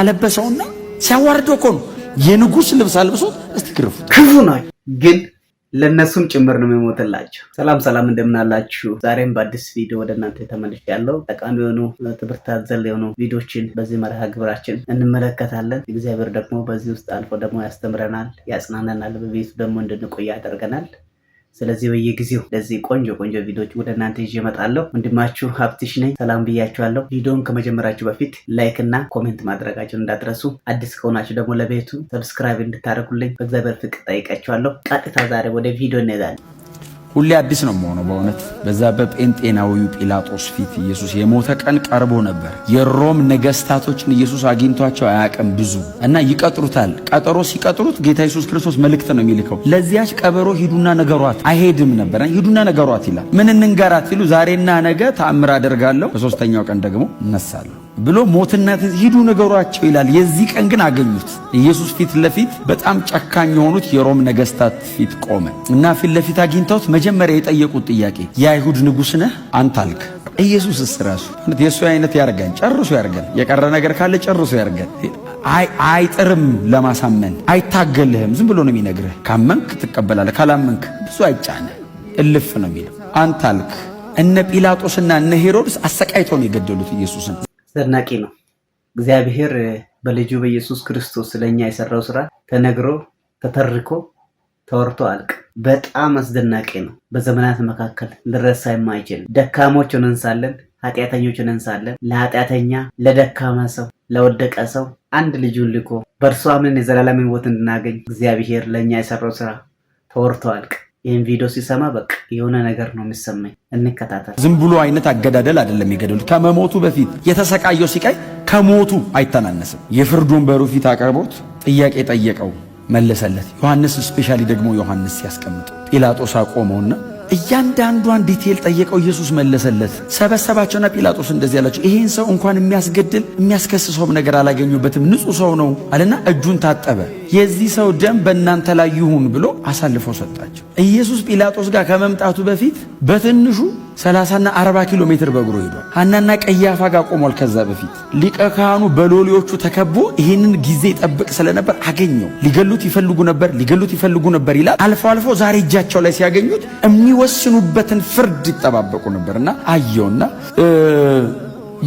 አለበሰውና ሲያዋርደው እኮ ነው የንጉሥ ልብስ አልብሶት። እስቲ ግርፉ ክፉ ነው ግን ለእነሱም ጭምር ነው የሚሞትላቸው። ሰላም ሰላም፣ እንደምናላችሁ ዛሬም በአዲስ ቪዲዮ ወደ እናንተ ያለው ጠቃሚ የሆኑ ትምህርት አዘል የሆኑ ቪዲዮችን በዚህ መርሃ ግብራችን እንመለከታለን። እግዚአብሔር ደግሞ በዚህ ውስጥ አልፎ ደግሞ ያስተምረናል፣ ያጽናነናል፣ በቤቱ ደግሞ እንድንቆይ ያደርገናል። ስለዚህ በየጊዜው ለዚህ ቆንጆ ቆንጆ ቪዲዮዎች ወደ እናንተ ይዤ እመጣለሁ። ወንድማችሁ ሀብትሽ ነኝ። ሰላም ብያችኋለሁ። ቪዲዮን ከመጀመራችሁ በፊት ላይክ እና ኮሜንት ማድረጋችሁን እንዳትረሱ። አዲስ ከሆናችሁ ደግሞ ለቤቱ ሰብስክራይብ እንድታደርጉልኝ በእግዚአብሔር ፍቅር ጠይቃችኋለሁ። ቀጥታ ዛሬ ወደ ቪዲዮ እንሄዳለን። ሁሌ አዲስ ነው የምሆነው በእውነት በዛ በጴንጤናዊው ጲላጦስ ፊት ኢየሱስ የሞተ ቀን ቀርቦ ነበር። የሮም ነገስታቶችን ኢየሱስ አግኝቷቸው አያውቅም ብዙ እና ይቀጥሩታል። ቀጠሮ ሲቀጥሩት ጌታ ኢየሱስ ክርስቶስ መልእክት ነው የሚልከው። ለዚያች ቀበሮ ሂዱና ነገሯት። አይሄድም ነበር። ሂዱና ነገሯት ይላል። ምን እንንገራት ሲሉ ዛሬና ነገ ተአምር አደርጋለሁ፣ በሶስተኛው ቀን ደግሞ እነሳለሁ። ብሎ ሞትና ሂዱ ነገሯቸው ይላል። የዚህ ቀን ግን አገኙት። ኢየሱስ ፊት ለፊት በጣም ጨካኝ የሆኑት የሮም ነገስታት ፊት ቆመ እና ፊት ለፊት አግኝተውት መጀመሪያ የጠየቁት ጥያቄ የአይሁድ ንጉሥ ነህ አንተ አልክ። ኢየሱስ እስ ራሱ የእሱ አይነት ያርገን፣ ጨርሶ ያርገን። የቀረ ነገር ካለ ጨርሶ ያርገን። አይጥርም ለማሳመን አይታገልህም። ዝም ብሎ ነው የሚነግርህ። ካመንክ ትቀበላለህ፣ ካላመንክ ብዙ አይጫነ እልፍ ነው የሚለው። አንተ አልክ። እነ ጲላጦስና እነ ሄሮድስ አሰቃይተው ነው የገደሉት ኢየሱስን። አስደናቂ ነው። እግዚአብሔር በልጁ በኢየሱስ ክርስቶስ ስለኛ የሰራው ስራ ተነግሮ ተተርኮ ተወርቶ አልቅ በጣም አስደናቂ ነው። በዘመናት መካከል ልረሳ የማይችል ደካሞች ሆነን ሳለን ኃጢአተኞች ሆነን ሳለን ለኃጢአተኛ ለደካማ ሰው ለወደቀ ሰው አንድ ልጁን ልኮ በእርሱ አምነን የዘላለምን ሕይወት እንድናገኝ እግዚአብሔር ለእኛ የሰራው ስራ ተወርቶ አልቅ። ይህን ቪዲዮ ሲሰማ በቃ የሆነ ነገር ነው የሚሰማኝ። እንከታተል። ዝም ብሎ አይነት አገዳደል አይደለም የገደሉት። ከመሞቱ በፊት የተሰቃየው ሲቃይ ከሞቱ አይተናነስም። የፍርድ ወንበሩ ፊት አቅርቦት ጥያቄ ጠየቀው፣ መለሰለት። ዮሐንስ ስፔሻሊ ደግሞ ዮሐንስ ሲያስቀምጥ ጲላጦስ አቆመውና እያንዳንዷን ዲቴል ጠየቀው፣ ኢየሱስ መለሰለት። ሰበሰባቸውና ጲላጦስ እንደዚህ ያላቸው ይህን ሰው እንኳን የሚያስገድል የሚያስከስሰውም ነገር አላገኙበትም፣ ንጹሕ ሰው ነው አለና እጁን ታጠበ። የዚህ ሰው ደም በእናንተ ላይ ይሁን ብሎ አሳልፎ ሰጣቸው። ኢየሱስ ጲላጦስ ጋር ከመምጣቱ በፊት በትንሹ 30ና 40 ኪሎ ሜትር በእግሩ ሄዷል። ሐናና ቀያፋ ጋር ቆሟል። ከዛ በፊት ሊቀ ካህኑ በሎሌዎቹ ተከቦ ይህንን ጊዜ ጠብቅ ስለነበር አገኘው። ሊገሉት ይፈልጉ ነበር፣ ሊገሉት ይፈልጉ ነበር ይላል። አልፎ አልፎ ዛሬ እጃቸው ላይ ሲያገኙት የሚወስኑበትን ፍርድ ይጠባበቁ ነበርና አየውና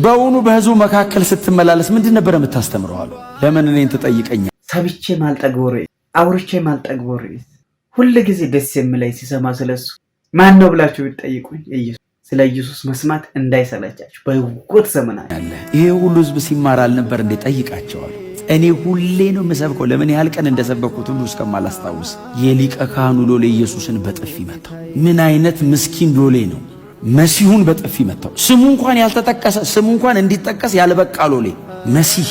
በውኑ በሕዝቡ መካከል ስትመላለስ ምንድን ነበር የምታስተምረዋሉ? ለምን እኔን ትጠይቀኛል? ሰብቼ ማልጠግቦ ርዕስ አውርቼ ማልጠግቦ ርዕስ ሁል ጊዜ ደስ የምለኝ ሲሰማ ስለሱ ማን ነው ብላችሁ ብትጠይቁኝ ኢየሱስ። ስለ ኢየሱስ መስማት እንዳይሰለቻችሁ በህይወት ዘመና ያለ ይሄ ሁሉ ህዝብ ሲማር አልነበር እንዴ? ጠይቃቸዋል። እኔ ሁሌ ነው የምሰብከው። ለምን ያህል ቀን እንደሰበኩት ሁሉ እስከማላስታውስ የሊቀ ካህኑ ሎሌ ኢየሱስን በጥፊ መታው። ምን አይነት ምስኪን ሎሌ ነው! መሲሁን በጥፊ መታው። ስሙ እንኳን ያልተጠቀሰ ስሙ እንኳን እንዲጠቀስ ያልበቃ ሎሌ መሲህ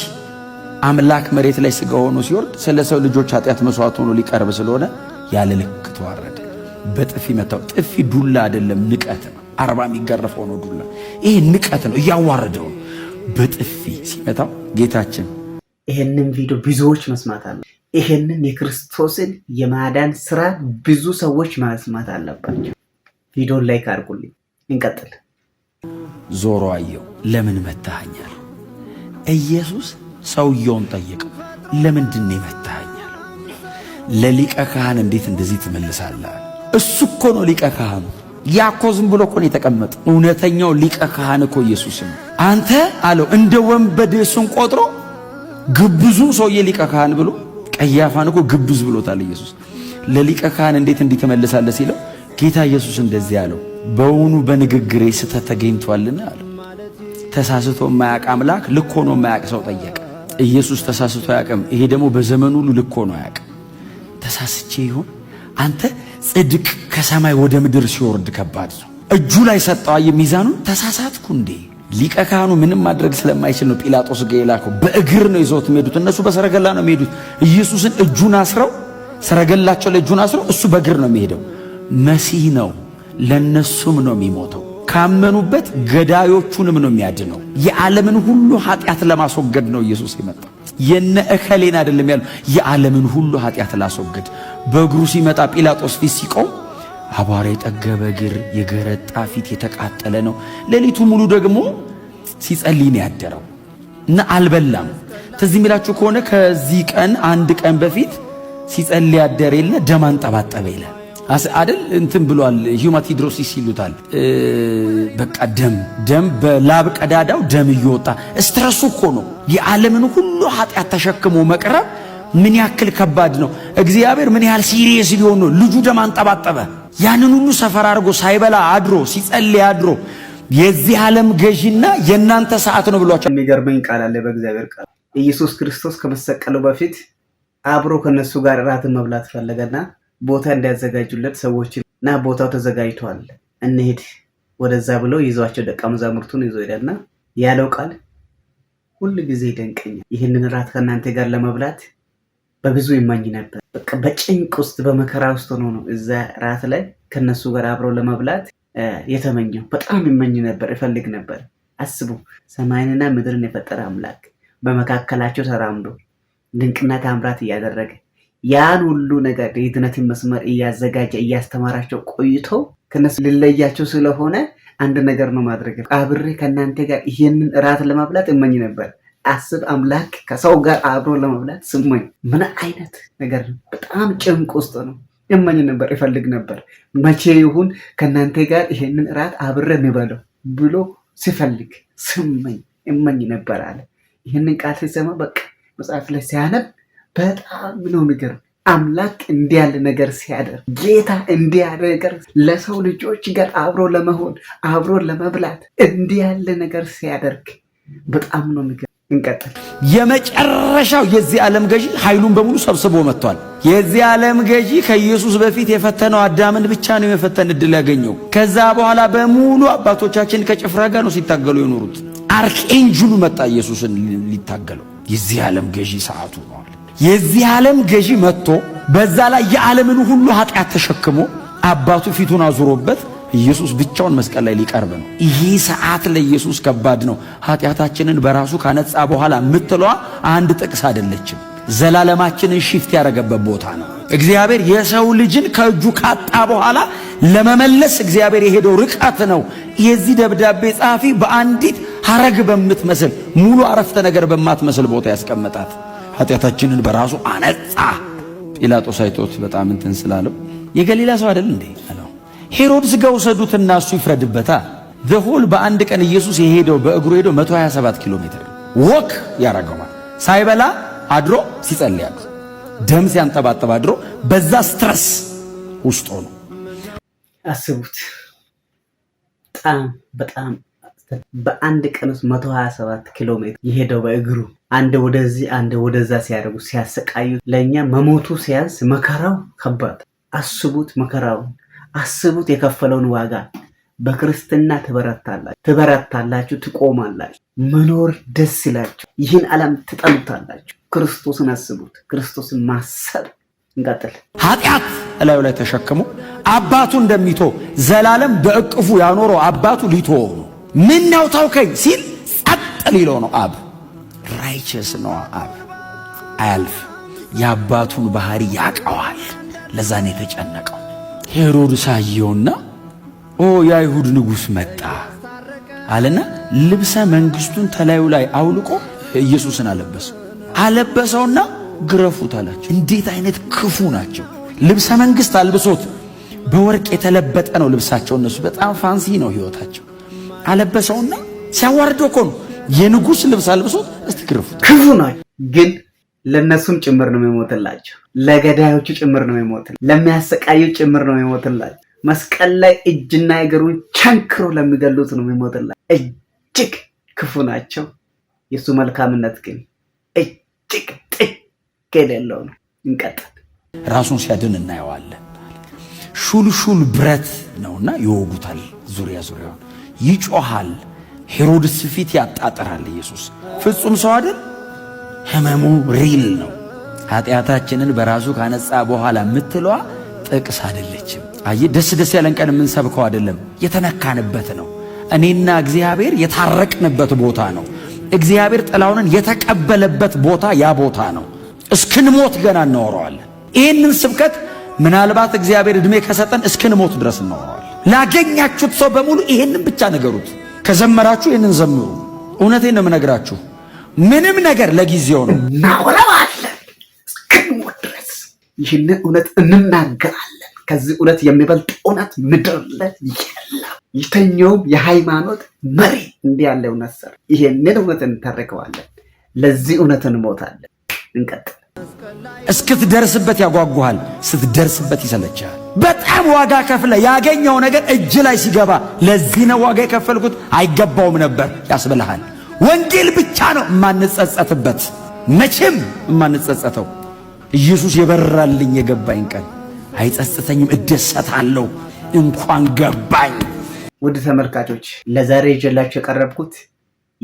አምላክ መሬት ላይ ስጋ ሆኖ ሲወርድ ስለ ሰው ልጆች ኃጢአት መስዋዕት ሆኖ ሊቀርብ ስለሆነ ያለ ልክ ተዋረደ። በጥፊ መታው። ጥፊ ዱላ አይደለም፣ ንቀት ነው። አርባ የሚገረፍ ሆኖ ዱላ፣ ይሄ ንቀት ነው፣ እያዋረደው ነው። በጥፊ ሲመታው ጌታችን ይሄንን ቪዲዮ ብዙዎች መስማት አለ። ይሄንን የክርስቶስን የማዳን ስራ ብዙ ሰዎች መስማት አለባቸው። ቪዲዮን ላይክ አድርጉልኝ። እንቀጥል። ዞሮ አየው፣ ለምን መታሃኛል ኢየሱስ ሰውየውን ጠየቀው። ለምንድን የመታኸኝ አለው። ለሊቀ ካህን እንዴት እንደዚህ ትመልሳለህ? እሱ እኮ ነው ሊቀ ካህኑ። ያ እኮ ዝም ብሎ እኮ ነው የተቀመጠ። እውነተኛው ሊቀ ካህን እኮ ኢየሱስ ነው። አንተ አለው እንደ ወንበዴ እሱን ቆጥሮ ግብዙ ሰውዬ ሊቀ ካህን ብሎ ቀያፋን እኮ ግብዝ ብሎታል ኢየሱስ። ለሊቀ ካህን እንዴት እንዲህ ትመልሳለህ ሲለው ጌታ ኢየሱስ እንደዚህ አለው፣ በውኑ በንግግሬ ስህተት ተገኝቷልና አለው። ተሳስቶ የማያውቅ አምላክ ልክ ሆኖ የማያውቅ ሰው ጠየቀ። ኢየሱስ ተሳስቶ አያውቅም። ይሄ ደግሞ በዘመኑ ሁሉ ልክ ሆኖ አያውቅም። ተሳስቼ ይሆን አንተ ጽድቅ ከሰማይ ወደ ምድር ሲወርድ ከባድ ነው። እጁ ላይ አየ ሚዛኑን ተሳሳትኩ እንዴ? ሊቀ ካህኑ ምንም ማድረግ ስለማይችል ነው ጲላጦስ ጋ የላከው። በእግር ነው ይዘውት የሚሄዱት። እነሱ በሰረገላ ነው የሚሄዱት። ኢየሱስን እጁን አስረው ሰረገላቸው ላይ እጁን አስረው፣ እሱ በእግር ነው የሚሄደው። መሲህ ነው፣ ለነሱም ነው የሚሞተው። ካመኑበት ገዳዮቹንም ነው የሚያድነው። የዓለምን ሁሉ ኃጢአት ለማስወገድ ነው ኢየሱስ የመጣ። የነ እከሌን አይደለም ያሉ የዓለምን ሁሉ ኃጢአት ላስወገድ። በእግሩ ሲመጣ ጲላጦስ ፊት ሲቆም አቧራ የጠገበ እግር፣ የገረጣ ፊት የተቃጠለ ነው። ሌሊቱ ሙሉ ደግሞ ሲጸልይ ነው ያደረው እና አልበላም። ትዝ የሚላችሁ ከሆነ ከዚህ ቀን አንድ ቀን በፊት ሲጸልይ ያደረ የለ ደም አንጠባጠበ ይላል አደል እንትን ብሏል። ሂማቲድሮሲስ ይሉታል። በቃ ደም ደም በላብ ቀዳዳው ደም እየወጣ ስትረሱ እኮ ነው የዓለምን ሁሉ ኃጢአት ተሸክሞ መቅረብ ምን ያክል ከባድ ነው። እግዚአብሔር ምን ያህል ሲሪየስ ሊሆን ነው። ልጁ ደም አንጠባጠበ። ያንን ሁሉ ሰፈር አድርጎ ሳይበላ አድሮ ሲጸልይ አድሮ የዚህ ዓለም ገዢና የእናንተ ሰዓት ነው ብሏቸው። የሚገርመኝ ቃል አለ በእግዚአብሔር ቃል ኢየሱስ ክርስቶስ ከመሰቀሉ በፊት አብሮ ከነሱ ጋር እራትን መብላት ፈለገና ቦታ እንዲያዘጋጁለት ሰዎችን እና ቦታው ተዘጋጅቷል እንሄድ ወደዛ ብለው ይዟቸው ደቀ መዛሙርቱን ይዞ ሄዳልና ያለው ቃል ሁል ጊዜ ይደንቀኛል። ይህንን ራት ከእናንተ ጋር ለመብላት በብዙ ይማኝ ነበር። በቃ በጭንቅ ውስጥ በመከራ ውስጥ ሆኖ ነው እዛ ራት ላይ ከነሱ ጋር አብረው ለመብላት የተመኘው። በጣም ይመኝ ነበር፣ ይፈልግ ነበር። አስቡ፣ ሰማይንና ምድርን የፈጠረ አምላክ በመካከላቸው ተራምዶ ድንቅና ታምራት እያደረገ ያን ሁሉ ነገር የድነትን መስመር እያዘጋጀ እያስተማራቸው ቆይተው ከነሱ ልለያቸው ስለሆነ አንድ ነገር ነው ማድረግ። አብሬ ከእናንተ ጋር ይህንን እራት ለመብላት እመኝ ነበር። አስብ አምላክ ከሰው ጋር አብሮ ለመብላት ስመኝ ምን አይነት ነገር ነው! በጣም ጭንቅ ውስጥ ነው። እመኝ ነበር፣ ይፈልግ ነበር። መቼ ይሁን ከእናንተ ጋር ይህንን እራት አብሬ የሚበለው ብሎ ሲፈልግ ስመኝ እመኝ ነበር አለ። ይህንን ቃል ሲሰማ በቃ መጽሐፍ ላይ ሲያነብ በጣም ነው የሚገርም። አምላክ እንዲህ ያለ ነገር ሲያደርግ ጌታ እንዲህ ያለ ነገር ለሰው ልጆች ጋር አብሮ ለመሆን አብሮ ለመብላት እንዲህ ያለ ነገር ሲያደርግ በጣም ነው የሚገርም። እንቀጥል። የመጨረሻው የዚህ ዓለም ገዢ ኃይሉን በሙሉ ሰብስቦ መጥቷል። የዚህ ዓለም ገዢ ከኢየሱስ በፊት የፈተነው አዳምን ብቻ ነው የመፈተን እድል ያገኘው። ከዛ በኋላ በሙሉ አባቶቻችን ከጭፍራ ጋር ነው ሲታገሉ የኖሩት። አርክኤንጅሉ መጣ ኢየሱስን ሊታገለው። የዚህ ዓለም ገዢ ሰዓቱ ነው። የዚህ ዓለም ገዢ መጥቶ በዛ ላይ የዓለምን ሁሉ ኃጢአት ተሸክሞ አባቱ ፊቱን አዙሮበት ኢየሱስ ብቻውን መስቀል ላይ ሊቀርብ ነው። ይሄ ሰዓት ለኢየሱስ ከባድ ነው። ኃጢአታችንን በራሱ ካነጻ በኋላ የምትለዋ አንድ ጥቅስ አይደለችም። ዘላለማችንን ሽፍት ያደረገበት ቦታ ነው። እግዚአብሔር የሰው ልጅን ከእጁ ካጣ በኋላ ለመመለስ እግዚአብሔር የሄደው ርቀት ነው። የዚህ ደብዳቤ ጸሐፊ በአንዲት ሐረግ በምትመስል ሙሉ አረፍተ ነገር በማትመስል ቦታ ያስቀመጣት ኃጢአታችንን በራሱ አነጻ። ጲላጦስ አይቶት በጣም እንትን ስላለው የገሊላ ሰው አይደል እንዴ አለው። ሄሮድስ ጋር ውሰዱትና እሱ ይፍረድበታ። ዘሆል በአንድ ቀን ኢየሱስ የሄደው በእግሩ ሄዶ 127 ኪሎ ሜትር ወክ ያረገዋል። ሳይበላ አድሮ ሲጸልይ ደም ሲያንጠባጠብ አድሮ በዛ ስትረስ ውስጥ ነው። አስቡት። በጣም በጣም በአንድ ቀን ውስጥ 127 ኪሎ ሜትር የሄደው በእግሩ አንድ ወደዚህ አንድ ወደዛ ሲያደርጉ ሲያሰቃዩ፣ ለእኛ መሞቱ ሲያንስ መከራው ከባድ አስቡት። መከራውን አስቡት፣ የከፈለውን ዋጋ በክርስትና ትበረታላችሁ፣ ትበረታላችሁ፣ ትቆማላችሁ። መኖር ደስ ይላችሁ። ይህን ዓለም ትጠሉታላችሁ። ክርስቶስን አስቡት፣ ክርስቶስን ማሰብ። እንቀጥል። ኃጢአት እላዩ ላይ ተሸክሞ አባቱ እንደሚቶ ዘላለም በእቅፉ ያኖረው አባቱ ሊቶ ምን ነው ሲል ጸጥ ሊለው ነው አብ ራይቸስ ነው አብ አያልፍ የአባቱን ባህሪ ያቀዋል። ለዛን የተጨነቀው ሄሮድስ አየውና ኦ የአይሁድ ንጉሥ መጣ አለና ልብሰ መንግሥቱን ተላዩ ላይ አውልቆ ኢየሱስን አለበሰ አለበሰውና ግረፉት አላቸው። እንዴት አይነት ክፉ ናቸው! ልብሰ መንግሥት አልብሶት በወርቅ የተለበጠ ነው ልብሳቸው። እነሱ በጣም ፋንሲ ነው ሕይወታቸው። አለበሰውና ሲያዋርዶ እኮ ነው የንጉስ ልብስ አልብሶት እስቲ ግርፉት። ክፉ ነው ግን ለእነሱም ጭምር ነው የሚሞትላቸው ለገዳዮቹ ጭምር ነው የሚሞት ለሚያሰቃዩ ጭምር ነው የሚሞትላቸው መስቀል ላይ እጅና እግሩን ቸንክሮ ለሚገሉት ነው የሞትላቸው። እጅግ ክፉ ናቸው። የእሱ መልካምነት ግን እጅግ ጥግ የሌለው ነው። እንቀጥል። ራሱን ሲያድን እናየዋለን። ሹልሹል ብረት ነውና ይወጉታል፣ ዙሪያ ዙሪያውን ይጮሃል። ሄሮድስ ፊት ያጣጥራል። ኢየሱስ ፍጹም ሰው አይደል? ህመሙ ሪል ነው። ኃጢአታችንን በራሱ ካነጻ በኋላ የምትለዋ ጥቅስ አይደለችም። አይ ደስ ደስ ያለን ቀን የምንሰብከው አይደለም፣ የተነካንበት ነው። እኔና እግዚአብሔር የታረቅንበት ቦታ ነው። እግዚአብሔር ጥላውንን የተቀበለበት ቦታ ያ ቦታ ነው። እስክንሞት ገና እናወራዋል። ይህንን ስብከት ምናልባት እግዚአብሔር ዕድሜ ከሰጠን እስክንሞት ድረስ እናወራዋለን። ላገኛችሁት ሰው በሙሉ ይህንን ብቻ ነገሩት። ከዘመራችሁ ይህንን ዘምሩ። እውነቴን ነው የምነግራችሁ። ምንም ነገር ለጊዜው ነው። እናወራዋለን እስክንሞት ድረስ ይህን እውነት እንናገራለን። ከዚህ እውነት የሚበልጥ እውነት ምድር ላይ የለም። የተኛውም የሃይማኖት መሪ እንዲህ ያለ እውነት ሰር ይሄንን እውነት እንተርከዋለን። ለዚህ እውነት እንሞታለን። እንቀጥል። እስክትደርስበት ያጓጉሃል፣ ስትደርስበት ይሰለቻል። በጣም ዋጋ ከፍለ ያገኘው ነገር እጅ ላይ ሲገባ ለዚህ ነው ዋጋ የከፈልኩት አይገባውም ነበር ያስብልሃል። ወንጌል ብቻ ነው የማንጸጸትበት፣ መቼም የማንጸጸተው ኢየሱስ የበራልኝ የገባኝ ቀን አይጸጽተኝም፣ እደሰታለሁ፣ እንኳን ገባኝ። ውድ ተመልካቾች ለዛሬ ይዤላችሁ የቀረብኩት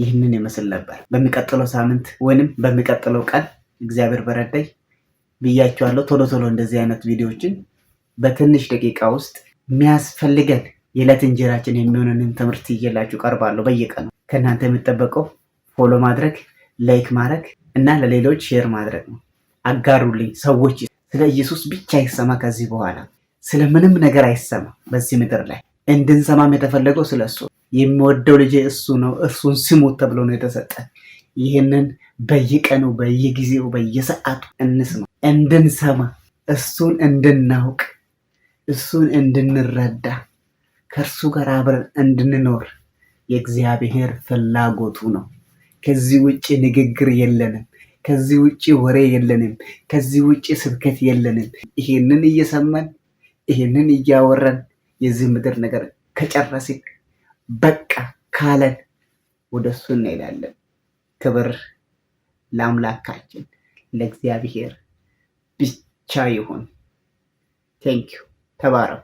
ይህንን ይመስል ነበር። በሚቀጥለው ሳምንት ወይንም በሚቀጥለው ቀን እግዚአብሔር በረዳይ ብያችኋለሁ። ቶሎ ቶሎ እንደዚህ አይነት ቪዲዮዎችን በትንሽ ደቂቃ ውስጥ የሚያስፈልገን የዕለት እንጀራችን የሚሆንንን ትምህርት እየላችሁ ቀርባለሁ። በየቀኑ ከእናንተ የምጠበቀው ፎሎ ማድረግ፣ ላይክ ማድረግ እና ለሌሎች ሼር ማድረግ ነው። አጋሩልኝ ሰዎች። ስለ ኢየሱስ ብቻ አይሰማ ከዚህ በኋላ ስለ ምንም ነገር አይሰማ በዚህ ምድር ላይ። እንድንሰማም የተፈለገው ስለ እሱ የሚወደው ልጅ እሱ ነው፣ እርሱን ስሙት ተብሎ ነው የተሰጠ። ይህንን በየቀኑ በየጊዜው በየሰዓቱ እንስማ፣ እንድንሰማ፣ እሱን እንድናውቅ እሱን እንድንረዳ ከእርሱ ጋር አብረን እንድንኖር የእግዚአብሔር ፍላጎቱ ነው። ከዚህ ውጭ ንግግር የለንም። ከዚህ ውጭ ወሬ የለንም። ከዚህ ውጭ ስብከት የለንም። ይሄንን እየሰማን ይሄንን እያወራን የዚህ ምድር ነገር ከጨረስን በቃ ካለን ወደ እሱ እንሄዳለን። ክብር ለአምላካችን ለእግዚአብሔር ብቻ ይሁን። ቴንኪዩ ተባረኩ።